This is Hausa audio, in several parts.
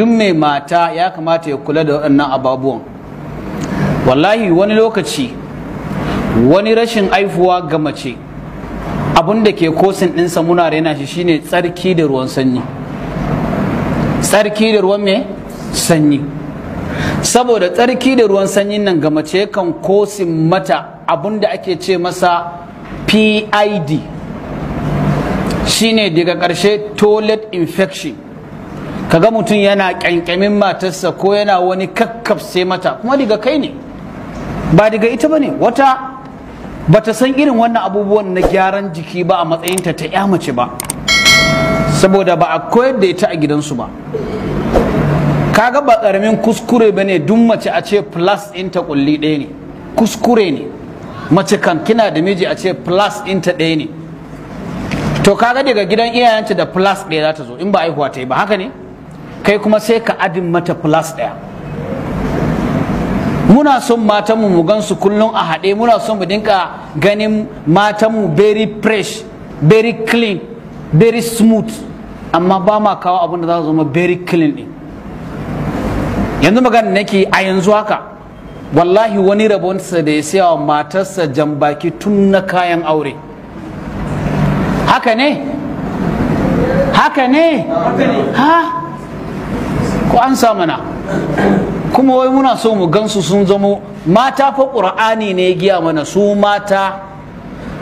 duk mai mata ya kamata ya kula da waɗannan ababuwan wallahi wani lokaci wani rashin aifuwa ga mace abinda ke kosin ɗinsa muna raina shi shine tsarki da ruwan sanyi tsarki da ruwan mai sanyi saboda tsarki da ruwan sanyin nan ga mace kan kosin mata abun da ake ce masa pid shine daga ƙarshe toilet infection kaga mutum yana kyankyamin matarsa ko yana wani kakkafse mata kuma daga kai ne ba daga ita bane wata bata san irin wannan abubuwan na gyaran jiki ba a matsayinta ta ya mace ba saboda ba a koyar da ita a gidansu ba kaga ba karamin kuskure ba ne duk mace a ce plus ɗinta kulli daya ne kuskure ne mace kan kina da miji a ce plus ɗinta ɗaya ne to kaga daga gidan iyayenta da plus ɗaya za ta zo in ba aihuwa ta yi ba haka ne kai kuma sai ka adin mata plus ɗaya muna son matanmu mu gansu kullum a haɗe muna son mu dinka ganin matanmu very fresh very clean very smooth amma ba ma kawo abin da za su zama very clean ɗin yanzu magana nake a yanzu haka wallahi wani rabonsa da ya siya wa matarsa baki tun na kayan aure haka ne haka ne ha an mana kuma wai muna so mu gansu sun zamo mata fa qur'ani ne ya giya mana su mata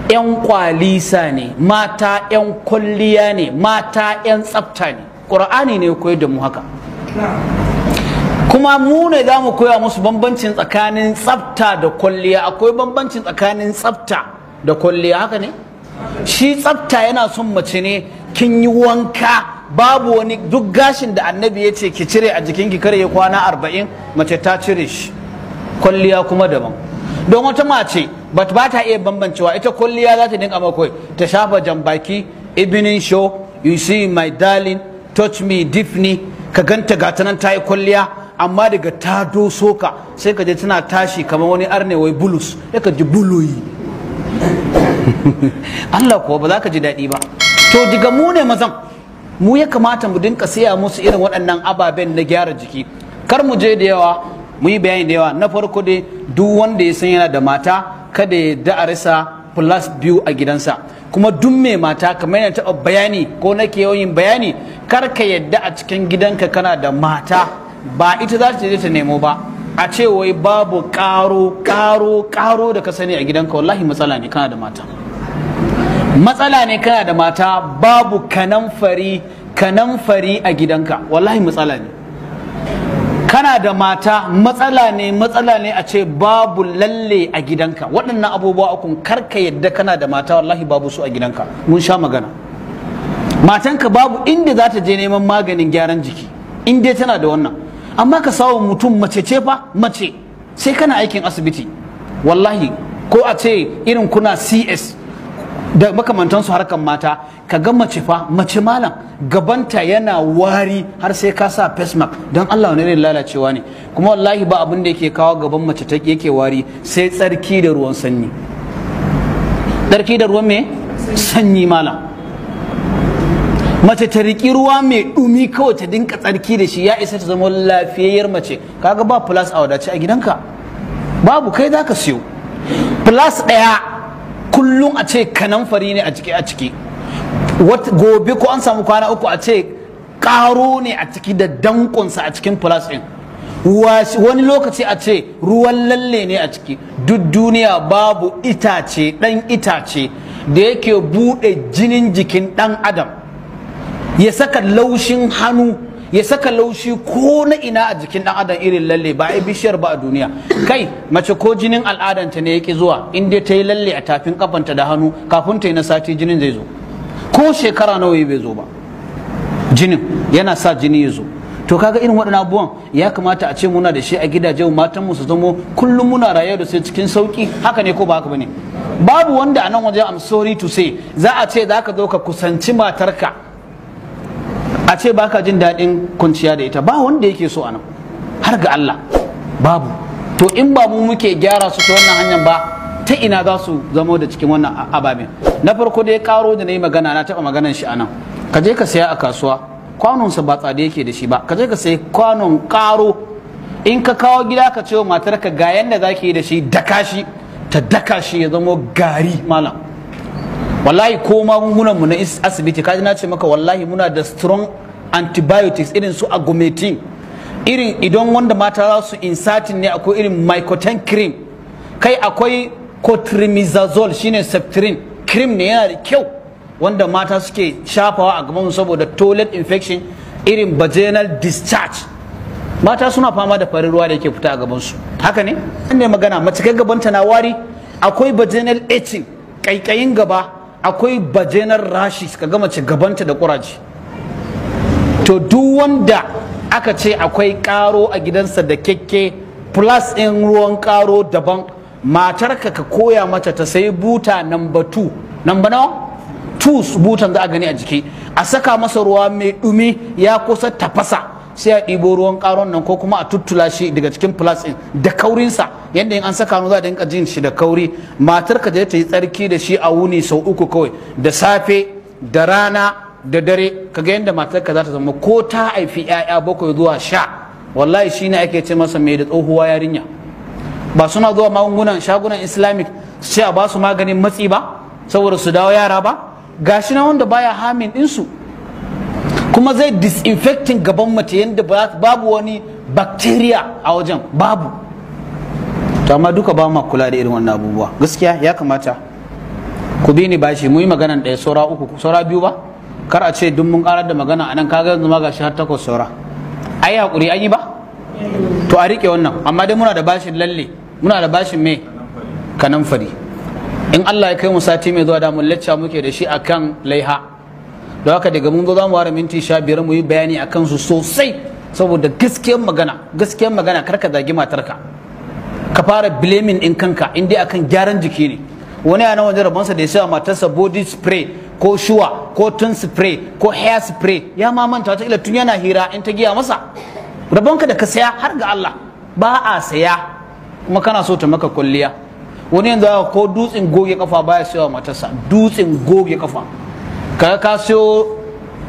'yan kwalisa ne mata 'yan kwalliya ne mata 'yan tsafta ne qur'ani ne ya koyar da mu haka kuma mu ne za mu koya musu bambancin tsakanin tsafta da kwalliya akwai bambancin tsakanin tsafta da kwalliya haka ne shi tsafta yana son mace ne kin yi wanka babu wani duk gashin da annabi ya ce ki cire a jikinki kare ya kwana arba'in mace ta cire shi kwalliya kuma daban don wata mace ba ta iya bambancewa ita kwalliya za ta dinga makwai ta shafa jambaki evening show you see my darling touch me deeply ka ganta gata nan ta yi kwalliya amma daga ta doso ka sai ka je tana tashi kamar wani arnewai bulus ya ka ji buloyi Allah kuwa ba za ka ji daɗi ba to diga mu ne mazan mu ya kamata mu dinka siya musu irin waɗannan ababen na gyara jiki kar mu je da yawa mu yi bayani da yawa na farko dai duk wanda ya san yana da mata kada ya da rasa plus biyu a gidansa kuma duk mai mata kamar yana taɓa bayani ko nake yawan bayani kar ka yadda a cikin gidanka kana da mata ba ita za ta je ta nemo ba a ce wai babu karo karo karo da ka sani a gidanka wallahi matsala ne kana da mata matsala ne kana da mata babu kanamfari kanamfari a gidanka wallahi matsala ne kana da mata matsala ne matsala ne a ce babu lalle a gidanka waɗannan abubuwa ukun karka yadda kana da mata wallahi babu su a gidanka mun sha magana matanka babu inda za ta je neman maganin gyaran jiki inda tana da wannan amma ka sawo mutum mace ce fa mace sai kana aikin asibiti wallahi ko a ce irin kuna cs da makamantansu harkan mata ka ga mace fa mace malam gabanta yana wari har sai ka sa face mask don Allah ne lalacewa ne kuma wallahi ba abin da yake kawo gaban mace ta yake wari sai tsarki da ruwan sanyi tsarki da ruwan me sanyi malam mace ta riki ruwa mai dumi kawai ta dinka tsarki da shi ya isa ta zama lafiyayyar mace kaga ba plus a wadace a gidanka babu kai zaka siyo plus ɗaya kullum a ce kanamfari ne a ciki a ciki gobe ko an samu kwana uku a ce karo ne a ciki da dankonsa a cikin plus ɗin wani lokaci a ce ruwan lalle ne a ciki duk duniya babu itace dan itace da yake buɗe jinin jikin dan adam ya saka laushin hannu ya saka laushi ko na ina a jikin dan adam irin lalle ba ai bishiyar ba a duniya kai mace ko jinin al'adanta ne yake zuwa in dai ta yi lalle a tafin kafanta da hannu kafin ta yi na sati jinin zai zo ko shekara nawa ya bai zo ba jinin yana sa jini ya zo to kaga irin waɗannan abubuwan ya kamata a ce muna da shi a gidajen matan mu su zamo kullum muna rayuwa da su cikin sauki haka ne ko ba haka bane babu wanda a nan waje am sorry to say za a ce za ka zo ka kusanci matarka a ce baka jin daɗin kunciya da ita ba wanda yake so anan har ga Allah babu to in ba mu muke gyara su ta wannan hanyar ba ta ina za su zamo da cikin wannan ababen na farko da ya karo da na yi magana na taɓa maganan shi anan ka je ka saya a kasuwa kwanonsa ba tsada yake da shi ba ka je ka sayi kwanon karo in ka kawo gida ka ce wa matarka ga yanda za yi da shi daka shi ta daka shi ya zamo gari malam wallahi ko magungunan mu na asibiti kaji na ce maka wallahi muna da strong antibiotics irin su agometin irin idan wanda mata za su insertin ne akwai irin mycotin cream kai akwai cotrimizazole shine septrin cream ne yana da kyau wanda mata suke shafawa a gaban saboda toilet infection irin vaginal discharge mata suna fama da farin ruwa da yake fita a gaban su haka ne ne magana mace kai ta na wari akwai vaginal itching kaikayin gaba akwai bajenar rashi ka gama ce gabanta da kuraje to duk wanda aka ce akwai karo a gidansa da kekke plus in ruwan karo daban matarka ka koya mata ta sai buta namba 2 namba butan za a gani a jiki a saka masa ruwa mai dumi ya kusa tafasa sai a ɗibo ruwan ƙaron nan ko kuma a tuttula shi daga cikin plus ɗin da kaurinsa yadda in an saka hannu za a dinka jin shi da kauri matar ka je ta yi tsarki da shi a wuni sau uku kawai da safe da rana da dare ka ga yadda matar ka za ta zama ko ta haifi 'ya'ya bakwai zuwa sha wallahi shi shine ake ce masa mai da tsohuwa yarinya ba suna zuwa magungunan shagunan islamic sai a ba su maganin matsi ba saboda su dawo yara ba gashi na wanda baya hamin ɗinsu kuma zai disinfecting gaban mace yadda babu wani bacteria a wajen babu to amma duka ba ma kula da irin wannan abubuwa gaskiya ya kamata ku bi ni bashi mu yi maganan ɗaya saura uku saura biyu ba kar a ce duk mun karar da magana anan kaga yanzu ma gashi har takwas saura ai hakuri an yi ba to a rike wannan amma dai muna da bashin lalle muna da bashin me kanan fari in Allah ya kai mu sati mai zuwa da mun lacca muke da shi akan laiha don haka daga mun zo za mu ware minti sha biyar mu yi bayani a kansu sosai saboda gaskiyar magana gaskiyar magana kar ka zagi matarka ka fara blaming in kanka in dai akan gyaran jiki ne wani a nan wajen rabonsa da ya sa matarsa body spray ko shuwa ko tun spray ko hair spray ya ma manta wata ila tun yana hira in ta giya masa rabonka da ka saya har ga Allah ba a saya kuma kana so ta maka kwalliya wani yanzu ko dutsen goge kafa baya sayawa matarsa dutsen goge kafa kaga ka siyo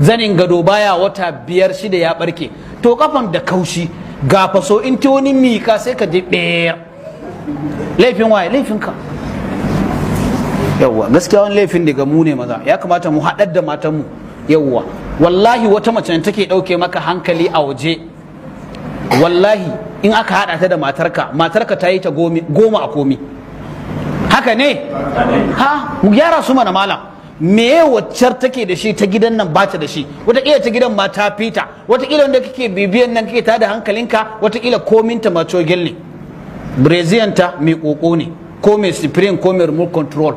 zanin gado baya wata biyar shida ya barke to kafan da kaushi ga faso in ta wani mika sai ka je ɗayar laifin waye laifin ka yawwa gaskiya wani laifin daga mu ne maza ya kamata mu haɗar da matan mu. yawwa wallahi wata mace ne take ɗauke maka hankali a waje wallahi in aka haɗa ta da matarka matarka ta yi ta goma a komi haka ne ha mu gyara su mana malam me waccar take da shi ta gidan nan bata da shi wataƙila ta gidan ma ta fita wataƙila wanda kake bibiyan nan kake tada hankalinka wataƙila kominta ma cogelli brazilianta mai ƙoƙo ne ko mai spring ko mai remote control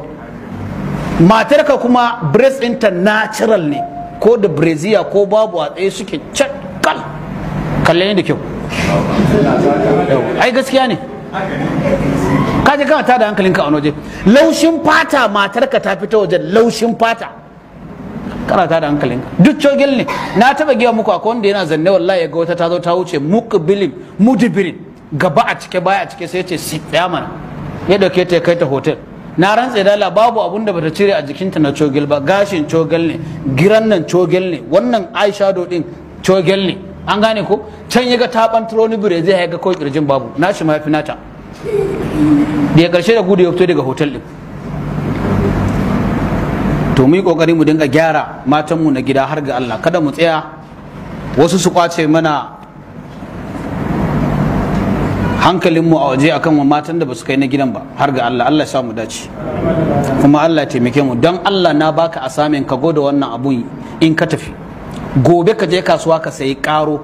matarka kuma breast ɗinta natural ne ko da brazilia ko babu a tsaye suke cakal kalle ne da kyau ai gaskiya ne ka je kana tada hankalinka a waje laushin fata matarka ta fita waje laushin fata kana tada hankalinka duk cogil ne na taba giya muku akwai wanda yana zanne wallahi ya ga wata ta zo ta wuce mukbilin mudibirin gaba a cike baya a cike sai ya ce si mana ya dauke ta kai ta hotel na rantse dala babu abun da bata cire a jikinta na cogil ba gashin cogil ne giran nan cogil ne wannan eyeshadow din cogil ne an gane ko can ya ga ta bantaro ni bure zai ga ko kirjin babu na shi mafi nata da ya karshe da gudu ya fito daga hotel din to mu yi kokari mu dinga gyara matanmu na gida har ga Allah kada mu tsaya wasu su kwace mana hankalinmu a waje akan matan da ba su kai na gidan ba har ga Allah Allah ya mu dace kuma Allah ya taimake mu don Allah na baka a samin ka goda wannan abun in ka tafi gobe ka je kasuwa ka sayi karo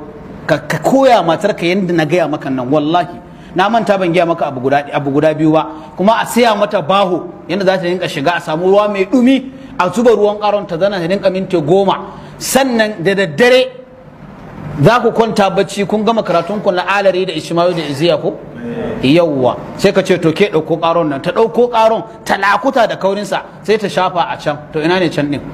ka koya matarka yadda na gaya maka nan wallahi na manta ban giya maka abu guda abu guda biyu ba kuma a saya mata baho yanda za ta rinka shiga a samu ruwa mai dumi a zuba ruwan karon ta zana ta rinka minti goma sannan da daddare za ku kwanta bacci kun gama karatun ku na alare da ishmayu da iziya ko yawwa sai ka ce to ke ɗauko ƙaron nan ta ɗauko karon ta lakuta da kaurinsa sai ta shafa a can to ina ne can ɗin